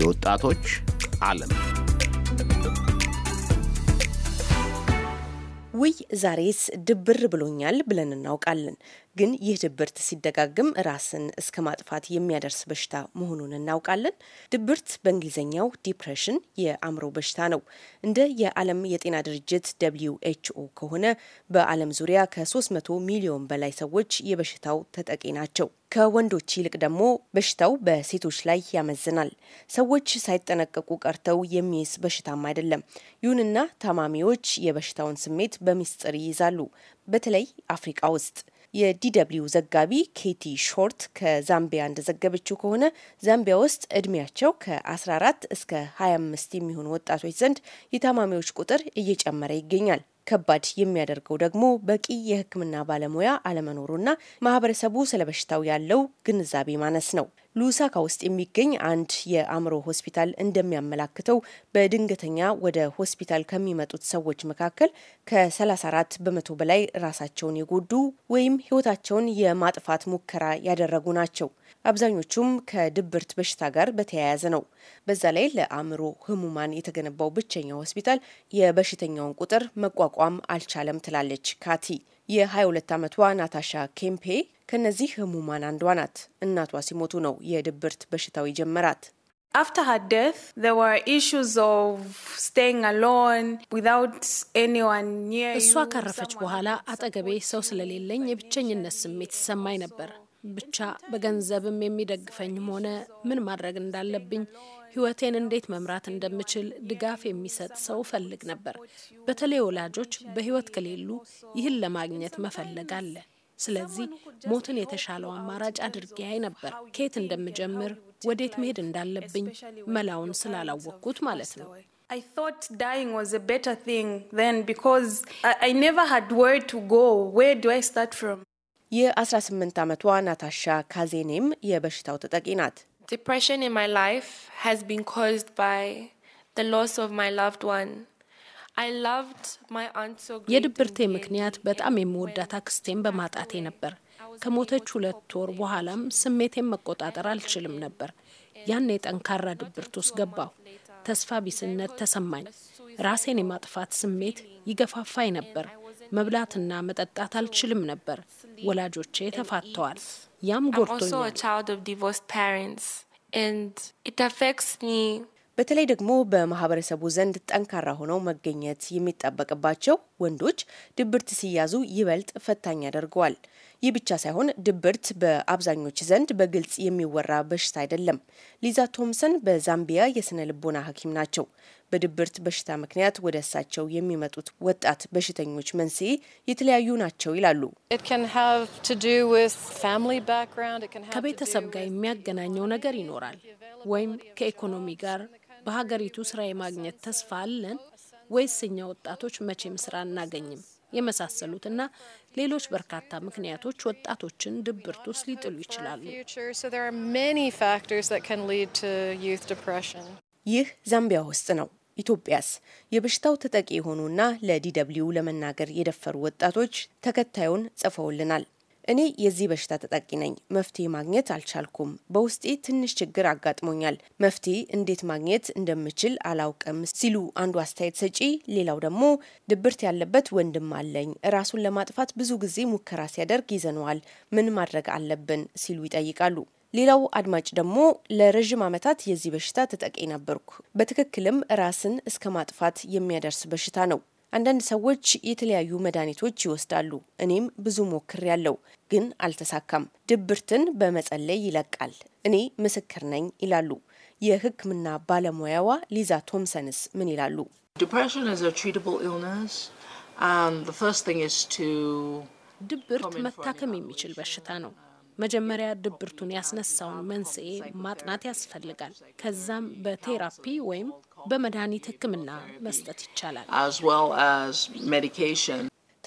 የወጣቶች ዓለም ውይ ዛሬስ ድብር ብሎኛል ብለን እናውቃለን። ግን ይህ ድብርት ሲደጋግም ራስን እስከ ማጥፋት የሚያደርስ በሽታ መሆኑን እናውቃለን። ድብርት በእንግሊዝኛው ዲፕሬሽን የአእምሮ በሽታ ነው። እንደ የዓለም የጤና ድርጅት ደብልዩ ኤችኦ ከሆነ በዓለም ዙሪያ ከ300 ሚሊዮን በላይ ሰዎች የበሽታው ተጠቂ ናቸው። ከወንዶች ይልቅ ደግሞ በሽታው በሴቶች ላይ ያመዝናል። ሰዎች ሳይጠነቀቁ ቀርተው የሚይዝ በሽታም አይደለም። ይሁንና ታማሚዎች የበሽታውን ስሜት በሚስጥር ይይዛሉ፣ በተለይ አፍሪቃ ውስጥ። የዲደብሊው ዘጋቢ ኬቲ ሾርት ከዛምቢያ እንደዘገበችው ከሆነ ዛምቢያ ውስጥ እድሜያቸው ከ14 እስከ 25 የሚሆኑ ወጣቶች ዘንድ የታማሚዎች ቁጥር እየጨመረ ይገኛል። ከባድ የሚያደርገው ደግሞ በቂ የሕክምና ባለሙያ አለመኖሩና ማህበረሰቡ ስለበሽታው ያለው ግንዛቤ ማነስ ነው። ሉሳካ ውስጥ የሚገኝ አንድ የአእምሮ ሆስፒታል እንደሚያመላክተው በድንገተኛ ወደ ሆስፒታል ከሚመጡት ሰዎች መካከል ከ34 በመቶ በላይ ራሳቸውን የጎዱ ወይም ሕይወታቸውን የማጥፋት ሙከራ ያደረጉ ናቸው። አብዛኞቹም ከድብርት በሽታ ጋር በተያያዘ ነው። በዛ ላይ ለአእምሮ ህሙማን የተገነባው ብቸኛው ሆስፒታል የበሽተኛውን ቁጥር መቋቋም አልቻለም ትላለች ካቲ። የ22 ዓመቷ ናታሻ ኬምፔ ከነዚህ ህሙማን አንዷ ናት። እናቷ ሲሞቱ ነው የድብርት በሽታው ይጀመራት። After her death, there were issues of staying alone without anyone near you. እሷ ካረፈች በኋላ አጠገቤ ሰው ስለሌለኝ የብቸኝነት ስሜት ይሰማኝ ነበር። ብቻ በገንዘብም የሚደግፈኝም ሆነ ምን ማድረግ እንዳለብኝ፣ ህይወቴን እንዴት መምራት እንደምችል ድጋፍ የሚሰጥ ሰው ፈልግ ነበር። በተለይ ወላጆች በህይወት ከሌሉ ይህን ለማግኘት መፈለግ አለ። ስለዚህ ሞትን የተሻለው አማራጭ አድርጌ አይ ነበር። ከየት እንደምጀምር፣ ወዴት መሄድ እንዳለብኝ መላውን ስላላወቅኩት ማለት ነው። I thought dying was a better thing then because I, I never had where to go. Where do I start from? የ18 ዓመቷ ናታሻ ካዜኔም የበሽታው ተጠቂ ናት። Depression in my life has been caused by the loss of my loved one. የድብርቴ ምክንያት በጣም የምወዳት አክስቴን በማጣቴ ነበር። ከሞተች ሁለት ወር በኋላም ስሜቴን መቆጣጠር አልችልም ነበር። ያን የጠንካራ ድብርት ውስጥ ገባሁ። ተስፋ ቢስነት ተሰማኝ። ራሴን የማጥፋት ስሜት ይገፋፋኝ ነበር። መብላትና መጠጣት አልችልም ነበር። ወላጆቼ ተፋተዋል። ያም ጎርቶኛል። በተለይ ደግሞ በማህበረሰቡ ዘንድ ጠንካራ ሆነው መገኘት የሚጠበቅባቸው ወንዶች ድብርት ሲያዙ ይበልጥ ፈታኝ ያደርገዋል። ይህ ብቻ ሳይሆን ድብርት በአብዛኞች ዘንድ በግልጽ የሚወራ በሽታ አይደለም። ሊዛ ቶምሰን በዛምቢያ የስነ ልቦና ሐኪም ናቸው። በድብርት በሽታ ምክንያት ወደ እሳቸው የሚመጡት ወጣት በሽተኞች መንስኤ የተለያዩ ናቸው ይላሉ። ከቤተሰብ ጋር የሚያገናኘው ነገር ይኖራል ወይም ከኢኮኖሚ ጋር በሀገሪቱ ስራ የማግኘት ተስፋ አለን ወይስ እኛ ወጣቶች መቼም ስራ አናገኝም? የመሳሰሉትና ሌሎች በርካታ ምክንያቶች ወጣቶችን ድብርት ውስጥ ሊጥሉ ይችላሉ። ይህ ዛምቢያ ውስጥ ነው። ኢትዮጵያስ? የበሽታው ተጠቂ የሆኑና ለዲ ደብልዩ ለመናገር የደፈሩ ወጣቶች ተከታዩን ጽፈውልናል። እኔ የዚህ በሽታ ተጠቂ ነኝ። መፍትሄ ማግኘት አልቻልኩም። በውስጤ ትንሽ ችግር አጋጥሞኛል። መፍትሄ እንዴት ማግኘት እንደምችል አላውቅም ሲሉ አንዱ አስተያየት ሰጪ፣ ሌላው ደግሞ ድብርት ያለበት ወንድም አለኝ። ራሱን ለማጥፋት ብዙ ጊዜ ሙከራ ሲያደርግ ይዘነዋል። ምን ማድረግ አለብን ሲሉ ይጠይቃሉ። ሌላው አድማጭ ደግሞ ለረዥም ዓመታት የዚህ በሽታ ተጠቂ ነበርኩ። በትክክልም ራስን እስከ ማጥፋት የሚያደርስ በሽታ ነው። አንዳንድ ሰዎች የተለያዩ መድኃኒቶች ይወስዳሉ። እኔም ብዙ ሞክር ያለው ግን አልተሳካም። ድብርትን በመጸለይ ይለቃል፣ እኔ ምስክር ነኝ ይላሉ። የሕክምና ባለሙያዋ ሊዛ ቶምሰንስ ምን ይላሉ? Um, ድብርት መታከም የሚችል በሽታ ነው። መጀመሪያ ድብርቱን ያስነሳውን መንስኤ ማጥናት ያስፈልጋል። ከዛም በቴራፒ ወይም በመድኃኒት ሕክምና መስጠት ይቻላል።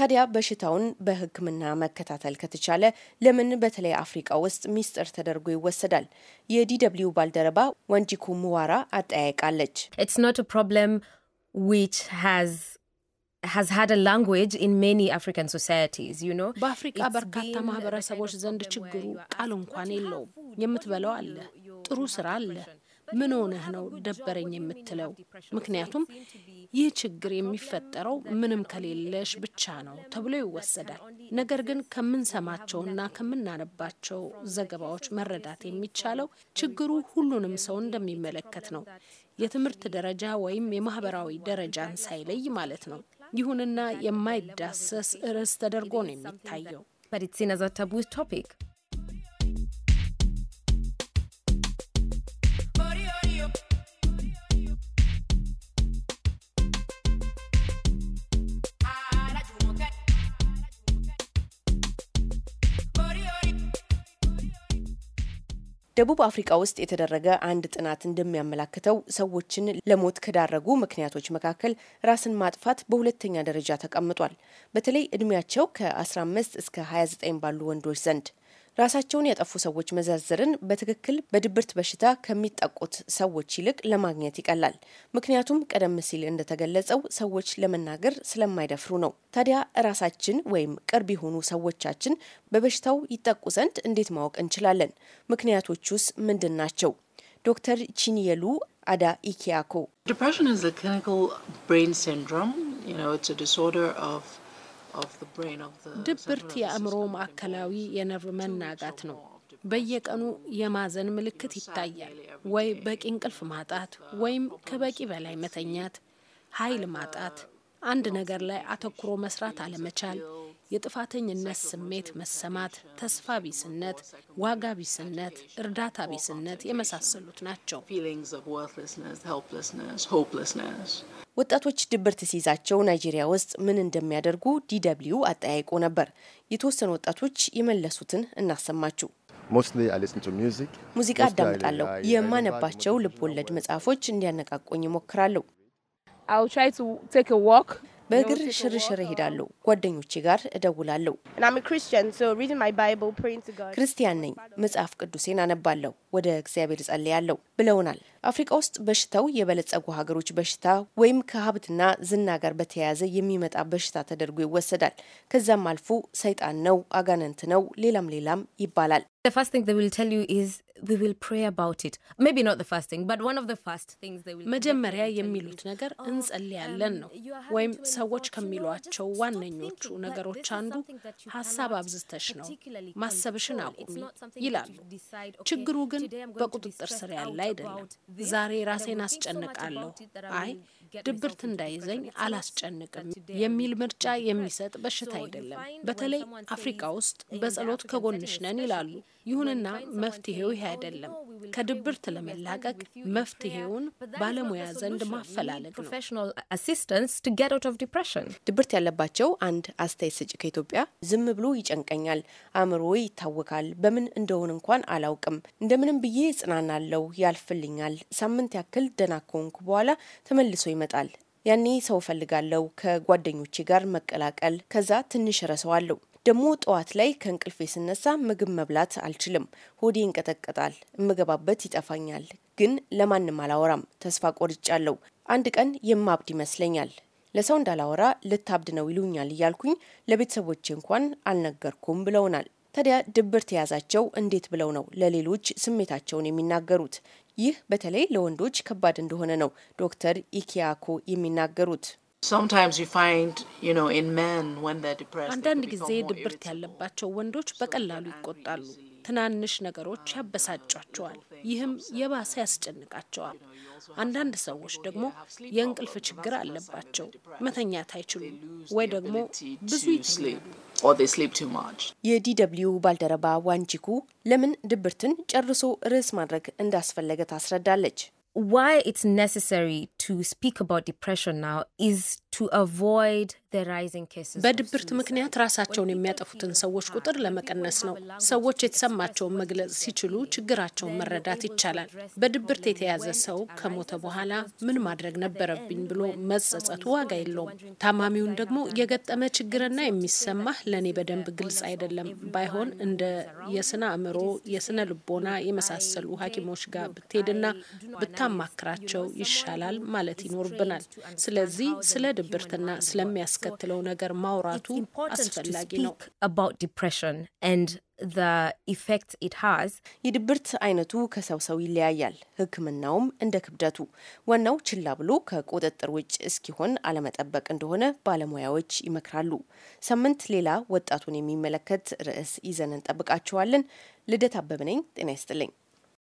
ታዲያ በሽታውን በሕክምና መከታተል ከተቻለ ለምን በተለይ አፍሪቃ ውስጥ ሚስጥር ተደርጎ ይወሰዳል? የዲደብሊው ባልደረባ ወንጂኩ ምዋራ አጠያይቃለች። በአፍሪቃ በርካታ ማህበረሰቦች ዘንድ ችግሩ ቃል እንኳን የለውም። የምትበለው አለ፣ ጥሩ ስራ አለ ምን ሆነህ ነው ደበረኝ የምትለው? ምክንያቱም ይህ ችግር የሚፈጠረው ምንም ከሌለሽ ብቻ ነው ተብሎ ይወሰዳል። ነገር ግን ከምንሰማቸውና ከምናነባቸው ዘገባዎች መረዳት የሚቻለው ችግሩ ሁሉንም ሰው እንደሚመለከት ነው፣ የትምህርት ደረጃ ወይም የማህበራዊ ደረጃን ሳይለይ ማለት ነው። ይሁንና የማይዳሰስ ርዕስ ተደርጎ ነው የሚታየው። But it's seen as a taboo topic. ደቡብ አፍሪካ ውስጥ የተደረገ አንድ ጥናት እንደሚያመላክተው ሰዎችን ለሞት ከዳረጉ ምክንያቶች መካከል ራስን ማጥፋት በሁለተኛ ደረጃ ተቀምጧል። በተለይ እድሜያቸው ከ15 እስከ 29 ባሉ ወንዶች ዘንድ ራሳቸውን ያጠፉ ሰዎች መዘርዝርን በትክክል በድብርት በሽታ ከሚጠቁት ሰዎች ይልቅ ለማግኘት ይቀላል። ምክንያቱም ቀደም ሲል እንደተገለጸው ሰዎች ለመናገር ስለማይደፍሩ ነው። ታዲያ ራሳችን ወይም ቅርብ የሆኑ ሰዎቻችን በበሽታው ይጠቁ ዘንድ እንዴት ማወቅ እንችላለን? ምክንያቶቹስ ምንድን ናቸው? ዶክተር ቺኒየሉ አዳ ኢኪያኮ ዲፕሬሽን ኢዝ ክሊኒካል ብሬን ሲንድሮም ድብርት የአእምሮ ማዕከላዊ የነርቭ መናጋት ነው። በየቀኑ የማዘን ምልክት ይታያል። ወይ በቂ እንቅልፍ ማጣት ወይም ከበቂ በላይ መተኛት፣ ኃይል uh, ማጣት፣ አንድ ነገር ላይ አተኩሮ መስራት አለመቻል፣ የጥፋተኝነት ስሜት መሰማት፣ ተስፋ ቢስነት፣ ዋጋ ቢስነት፣ እርዳታ ቢስነት የመሳሰሉት ናቸው። ወጣቶች ድብርት ሲይዛቸው ናይጄሪያ ውስጥ ምን እንደሚያደርጉ ዲደብሊው አጠያይቆ ነበር። የተወሰኑ ወጣቶች የመለሱትን እናሰማችሁ። ሙዚቃ አዳምጣለሁ። የማነባቸው ልብ ወለድ መጽሐፎች እንዲያነቃቆኝ ይሞክራለሁ። በእግር ሽርሽር እሄዳለሁ። ጓደኞቼ ጋር እደውላለሁ። ክርስቲያን ነኝ፣ መጽሐፍ ቅዱሴን አነባለሁ፣ ወደ እግዚአብሔር ጸልያለሁ ብለውናል። አፍሪካ ውስጥ በሽታው የበለጸጉ ሀገሮች በሽታ ወይም ከሀብትና ዝና ጋር በተያያዘ የሚመጣ በሽታ ተደርጎ ይወሰዳል። ከዛም አልፎ ሰይጣን ነው፣ አጋነንት ነው፣ ሌላም ሌላም ይባላል። the first thing they will tell you is we will pray about it maybe not the first thing but one of the first things they will መጀመሪያ የሚሉት ነገር oh, እንጸልያለን um, ነው ወይም ሰዎች ከሚሏቸው ዋነኞቹ ነገሮች አንዱ ሀሳብ አብዝተሽ ነው ማሰብሽን አቁሚ ይላሉ። ችግሩ ግን በቁጥጥር ስር ያለ አይደለም። ዛሬ ራሴን አስጨንቃለሁ፣ አይ ድብርት እንዳይዘኝ አላስጨንቅም የሚል ምርጫ የሚሰጥ በሽታ አይደለም። በተለይ አፍሪካ ውስጥ በጸሎት ከጎንሽ ነን ይላሉ። ይሁንና መፍትሄው ይሄ oh, አይደለም። ከድብርት ለመላቀቅ መፍትሄውን ባለሙያ ዘንድ ማፈላለግ ነው። ድብርት ያለባቸው አንድ አስተያየት ሰጪ ከኢትዮጵያ ዝም ብሎ ይጨንቀኛል፣ አእምሮ ይታወካል፣ በምን እንደሆን እንኳን አላውቅም፣ እንደምንም ብዬ ጽናናለው ያልፍልኛል። ሳምንት ያክል ደህና ከሆንኩ በኋላ ተመልሶ ይመጣል። ያኔ ሰው ፈልጋለው ከጓደኞቼ ጋር መቀላቀል፣ ከዛ ትንሽ ረሰዋለሁ። ደግሞ ጠዋት ላይ ከእንቅልፌ ስነሳ ምግብ መብላት አልችልም። ሆዴ ይንቀጠቀጣል፣ እምገባበት ይጠፋኛል። ግን ለማንም አላወራም። ተስፋ ቆርጫለሁ። አንድ ቀን የማብድ ይመስለኛል። ለሰው እንዳላወራ ልታብድ ነው ይሉኛል እያልኩኝ ለቤተሰቦቼ እንኳን አልነገርኩም ብለውናል። ታዲያ ድብርት የያዛቸው እንዴት ብለው ነው ለሌሎች ስሜታቸውን የሚናገሩት? ይህ በተለይ ለወንዶች ከባድ እንደሆነ ነው ዶክተር ኢኪያኮ የሚናገሩት። አንዳንድ ጊዜ ድብርት ያለባቸው ወንዶች በቀላሉ ይቆጣሉ። ትናንሽ ነገሮች ያበሳጫቸዋል። ይህም የባሰ ያስጨንቃቸዋል። አንዳንድ ሰዎች ደግሞ የእንቅልፍ ችግር አለባቸው፣ መተኛት አይችሉም ወይ ደግሞ ብዙ ይተኛሉ። or they sleep too much. የዲደብሊው ባልደረባ ለምን ድብርትን ጨርሶ ርዕስ ማድረግ እንዳስፈለገ ታስረዳለች። Why it's necessary to speak about depression now is to avoid በድብርት ምክንያት ራሳቸውን የሚያጠፉትን ሰዎች ቁጥር ለመቀነስ ነው። ሰዎች የተሰማቸውን መግለጽ ሲችሉ ችግራቸውን መረዳት ይቻላል። በድብርት የተያዘ ሰው ከሞተ በኋላ ምን ማድረግ ነበረብኝ ብሎ መጸጸቱ ዋጋ የለውም። ታማሚውን ደግሞ የገጠመ ችግርና የሚሰማህ ለእኔ በደንብ ግልጽ አይደለም፣ ባይሆን እንደ የስነ አእምሮ፣ የስነ ልቦና የመሳሰሉ ሐኪሞች ጋር ብትሄድና ብታማክራቸው ይሻላል ማለት ይኖርብናል። ስለዚህ ስለ ድብርትና ስለሚያስ ስለሚያስከትለው ነገር ማውራቱ አስፈላጊ ነው። የድብርት አይነቱ ከሰው ሰው ይለያያል። ሕክምናውም እንደ ክብደቱ ዋናው ችላ ብሎ ከቁጥጥር ውጭ እስኪሆን አለመጠበቅ እንደሆነ ባለሙያዎች ይመክራሉ። ሳምንት ሌላ ወጣቱን የሚመለከት ርዕስ ይዘን እንጠብቃችኋለን። ልደት አበብነኝ ጤና ይስጥልኝ።